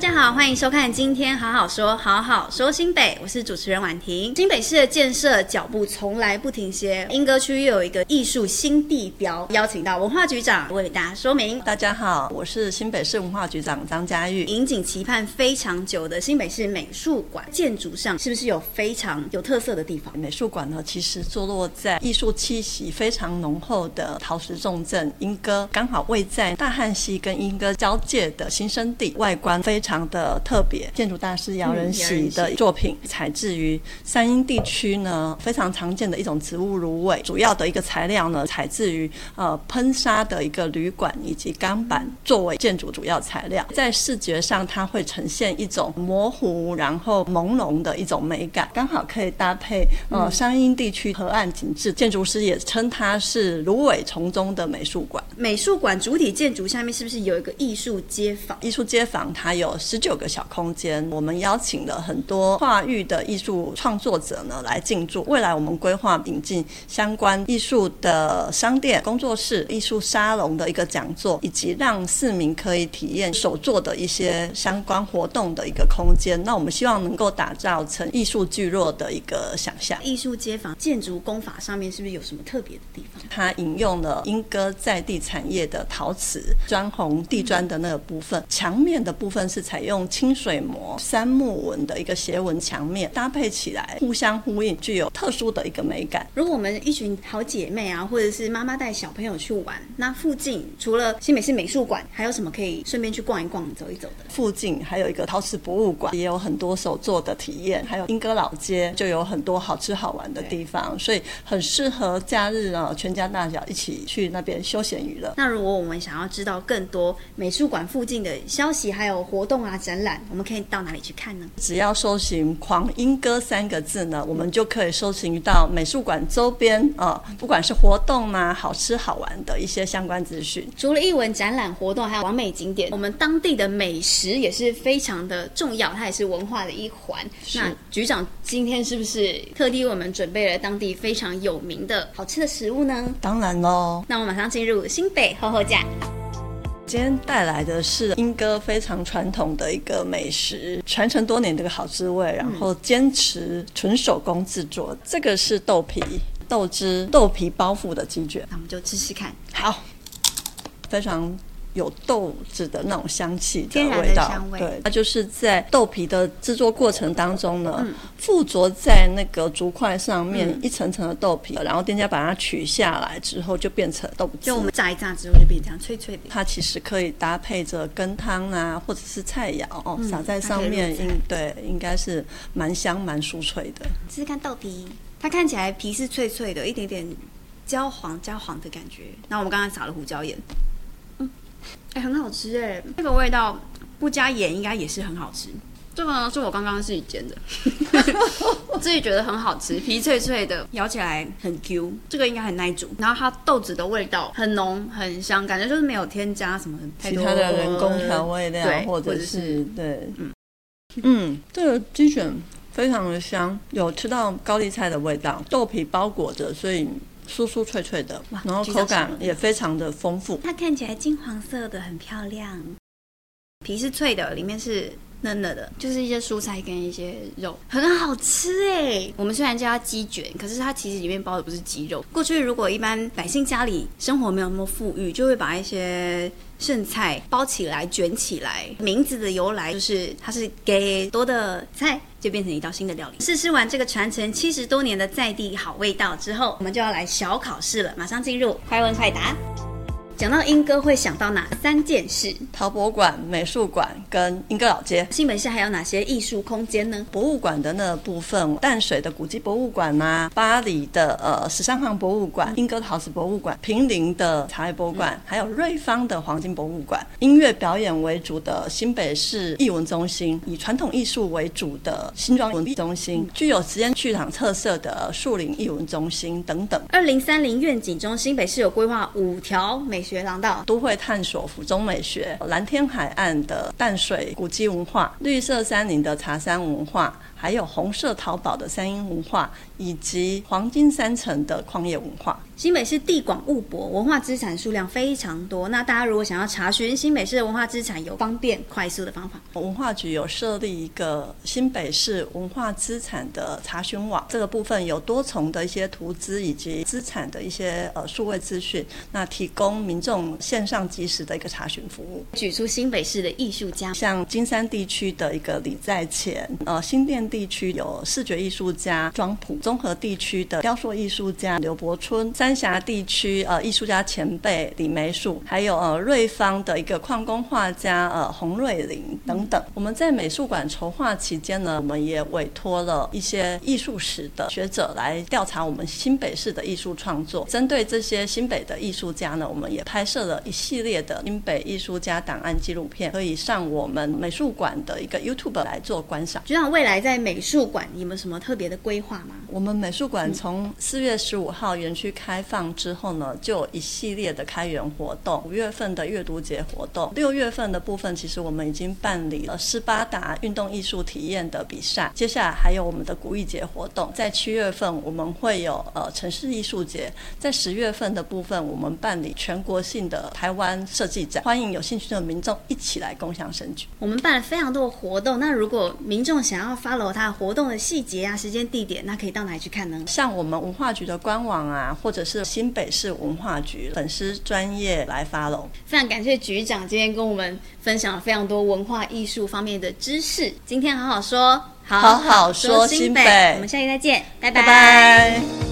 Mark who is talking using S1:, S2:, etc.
S1: 大家好，歡迎收看《今天好好說》，好好說新北，我是主持人婉婷。新北市的建設腳步從來不停歇，鶯歌區又有一個藝術新地標，邀請到文化局長為大家說明。大家好，我是新北市文化局長張䕒育。引頸期盼非常久的新北市美術館，建築上是不是有非常有特色的地方？美術館呢，其實坐落在藝術氣息
S2: 非常濃厚的陶瓷重鎮鶯歌，剛好位在大漢溪跟鶯歌交界的新生地，外觀非常常的特別，建築大師姚仁喜的作品，採、嗯、自於山陰地區呢，非常常見的一種植物蘆葦，主要的一個材料呢採自於呃噴砂的一個鋁管以及鋼板作為建築主要材料，在視覺上它會呈現一種模糊然後朦朧的一種美感，剛好可以搭配呃山陰地區河岸景致。嗯、建築師也稱它是蘆葦叢中的美術館。美術館主體建築下面是不是有一個藝術街坊？藝術街坊它有。十九個小空間，我們邀請了很多跨域的藝術創作者呢來進駐。未來我們規劃引進相關藝術的商店、工作室、藝術沙龍的一個講座，以及讓市民可以體驗手作的一些相關活動的一個空間。那我們希望能夠打造成藝術聚落的一個想象
S1: 藝術街坊建築工法上面是不是有什麼特別的地
S2: 方？它引用了鶯歌在地產業的陶瓷磚紅地磚的那個部分，牆面的部分是。採用清水模，杉木紋的一個斜紋牆面
S1: 搭配起來，互相呼應，具有特殊的一個美感。如果我們一群好姐妹啊，或者是媽媽帶小朋友去玩，那附近除了新北市美術館，還有什麼可以順便去逛一逛、走一走的？附近還有一個陶瓷博物館，也有很多手作的體驗，還
S2: 有鶯歌老街，就有很多好吃好玩的地方，所以很適合假日啊，
S1: 全家大小一起去那邊休閒娛樂。那如果我們想要知道更多美術館附近的消息，還有活。活動啊！展覽，我們可以到哪裡去看呢？
S2: 只要搜尋“逛鶯歌”三個字呢、嗯，我們就可以搜尋到美術館周邊啊、呃，不管是活
S1: 動嘛、啊、好吃好玩的一些相關資訊。除了藝文展覽活動，還有網美景點，我們當地的美食也是非常的重要，它也是文化的一環。那局長今天是不是特地為我們準備了當地非常有名的、好吃的食物呢？當然嘍！那我們馬上進入新北厚厚呷。今天帶來的
S2: 是鶯歌非常傳統的一個美食，傳承多年這個好滋味，然後堅持純手工制作。嗯。這個是豆皮、豆汁、豆皮包覆的雞卷，那我們就吃吃看。好，非常。有豆子的那種香氣的味道的香味，對，它就是在豆皮的制作過程當中呢，嗯、附着在那個竹塊上面一層層的豆皮、嗯，然後店家把它取下來之後就變成豆皮。就我們炸
S1: 一炸之後就變成脆脆的。
S2: 它其實可以搭配着羹湯啊，或者是菜肴哦，嗯、撒在上面，對，應該是蠻香蠻酥脆的。
S1: 試試看豆皮，它看起來皮是脆脆的，一點點焦黃焦黃的感覺。那我們剛剛撒了胡椒鹽。哎、欸，很好吃哎！這、那個味道不加鹽應該也是很好吃。這個呢是我剛剛自己煎的，我 自己覺得很好吃，皮脆脆的， 咬起來很 Q。這個應該很耐煮，然後它豆子的味道很濃很香，感覺就是沒有添加什麼其他的人工調味料、呃，或者是，或者是
S2: 對，嗯嗯，這個雞卷非常的香，有吃到高麗菜的味道，豆皮包裹着，所以。酥酥脆脆的，然後口感也非常的豐富。啊。
S1: 它看起來金黃色的，很漂亮。皮是脆的，裡面是嫩嫩的，就是一些蔬菜跟一些肉，很好吃哎。我們雖然叫它雞捲，可是它其實裡面包的不是雞肉。過去如果一般百姓家裡生活沒有那麼富裕，就會把一些剩菜包起來，捲起來。名字的由來就是它是給多的菜。就變成一道新的料理。試吃完這個傳承七十多年的在地好味道之後，我們就要來小考試了，馬上進入，快問快答。講到鶯歌，會想到哪三件事？陶博館、美術館跟鶯歌老街。新北市還有哪些藝術空間呢？博物館的那
S2: 部分，淡水的古蹟博物館啊，八里的呃、十三行博物館、鶯歌的陶瓷博物館、坪林的茶業博物館、嗯，還有瑞芳的黃金博物館。音樂表演為主的，新北市藝文中心；以傳統藝術為主的，新莊文藝中心、嗯；具有實驗劇場特色的樹林藝文中心等等。二零三零願景中，新北市有規劃五條美學廊道、都會探索府中美學、藍天海岸的淡水古蹟文化、綠色山林的茶山文化、還有紅
S1: 色淘寶的三鶯文化，以及黃金山城的礦業文化。新北市地廣物博，文化資產數量非常多。那大家如果想要查詢新北市的文化資產，有方便快速的方法。
S2: 文化局有設立一個新北市文化資產的查詢網，這個部分有多重的一些圖資以及資產的一些呃數位資訊，那提供民。這種線上即時的一個查詢服務，舉出新北市的藝術家，像金山地區的一個李在前，呃，新店地區有視覺藝術家莊普，綜合地區的雕塑藝術家劉伯春，三峽地區呃藝術家前輩李梅樹，還有呃瑞芳的一個礦工畫家呃洪瑞林等等、嗯。我們在美術館籌劃期間呢，我們也委托了一些藝術史的學者來調查我們新北市的藝術創作。針對這些新北的藝術家呢，我們也拍攝了一系列的新北藝術家檔案紀錄片，可以上我們美術館的一個 YouTube 來做觀賞。局長，未來在美術館有沒有什麼特別的規劃嗎？我們美術館從四月十五號園區開放之後呢，就有一系列的開園活動，五月份的閱讀節活動，六月份的部分其實我們已經辦理了斯巴達運動藝術體驗的比賽。接下來還有我們的古藝節活動，在七月份我們會有呃城市藝術節，在十月份的部分我們辦理全國。性的台灣設計展，歡迎有興趣的民眾一起
S1: 來共享盛舉。我們辦了非常多的活動，那如果民眾想要 follow 他活動的細節啊、時間、地點，那可以到哪裡去看呢？像我們文化局的官網啊，或者是新北
S2: 市文化局粉絲專業來 follow。非
S1: 常感謝局長今天跟我們分享了非常多文化藝術方面的知識。今天好好說，好好說新北，好好說新北，我們下期再見，拜拜，拜拜。